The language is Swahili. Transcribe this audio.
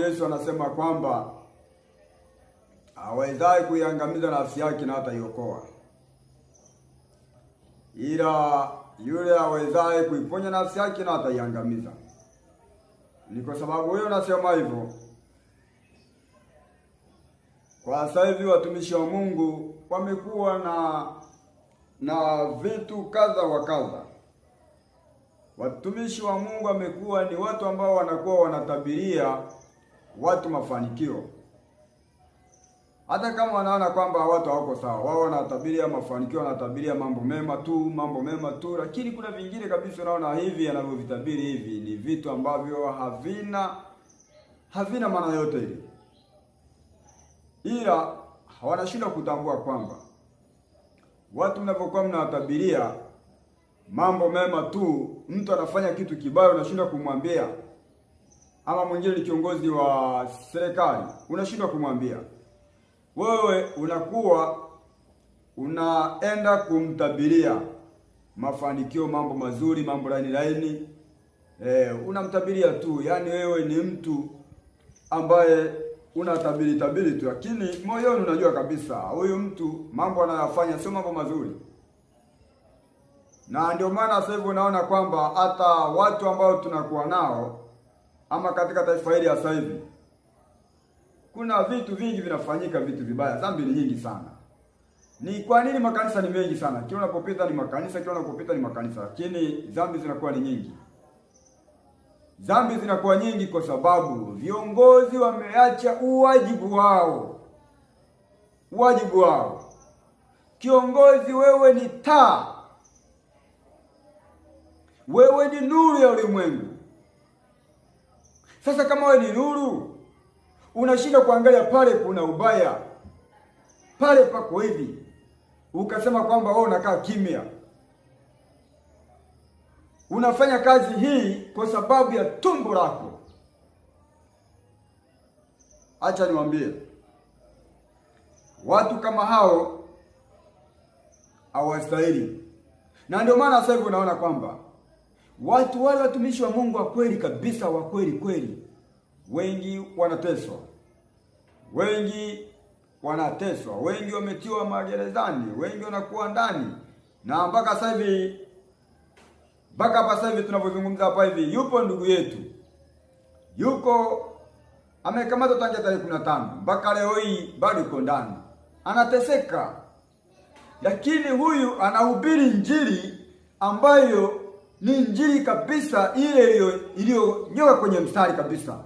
Yesu anasema kwamba awezaye kuiangamiza nafsi yake na ataiokoa, ila yule awezaye kuiponya nafsi yake na ataiangamiza. Ni kwa sababu huyo nasema hivyo. Kwa sasa hivi watumishi wa Mungu wamekuwa na na vitu kadha wa kadha. Watumishi wa Mungu wamekuwa ni watu ambao wanakuwa wanatabiria watu mafanikio, hata kama wanaona kwamba watu hawako sawa. Wao wanatabiria mafanikio, wanatabiria mambo mema tu, mambo mema tu, lakini kuna vingine kabisa unaona hivi anavyovitabiri hivi ni vitu ambavyo havina havina maana yote ile, ila wanashindwa kutambua kwamba watu mnapokuwa mnawatabiria mambo mema tu, mtu anafanya kitu kibaya, unashindwa kumwambia ama mwingine ni kiongozi wa serikali, unashindwa kumwambia. Wewe unakuwa unaenda kumtabiria mafanikio, mambo mazuri, mambo laini laini, e, eh, unamtabiria tu. Yaani wewe ni mtu ambaye unatabiri tabiri tu, lakini moyoni unajua kabisa huyu mtu mambo anayofanya sio mambo mazuri na ndio maana sasa hivi unaona kwamba hata watu ambao tunakuwa nao ama katika taifa hili sasa hivi kuna vitu vingi vinafanyika, vitu vibaya, dhambi ni nyingi sana. Ni kwa nini makanisa ni mengi sana? Kila unapopita ni makanisa, kila unapopita ni makanisa, lakini dhambi zinakuwa ni nyingi. Dhambi zinakuwa nyingi kwa sababu viongozi wameacha uwajibu wao, uwajibu wao. Kiongozi, wewe ni taa, wewe ni nuru ya ulimwengu sasa kama wewe ni nuru, unashinda kuangalia pale kuna ubaya, pale pako hivi, ukasema kwamba wewe unakaa kimya, unafanya kazi hii kwa sababu ya tumbo lako. Acha niwaambie watu kama hao hawastahili, na ndio maana sasa hivi unaona kwamba Watu wale watumishi wa Mungu wa kweli kabisa, wa kweli kweli, wengi wanateswa, wengi wanateswa, wengi wametiwa magerezani, wengi wanakuwa ndani, na mpaka sasa hivi, mpaka hapa sasa hivi tunavyozungumza hapa hivi, yupo ndugu yetu yuko amekamatwa tangia tarehe kumi na tano mpaka leo hii bado yuko ndani anateseka, lakini huyu anahubiri Injili ambayo ni injili kabisa ile iliyonyoka kwenye mstari kabisa.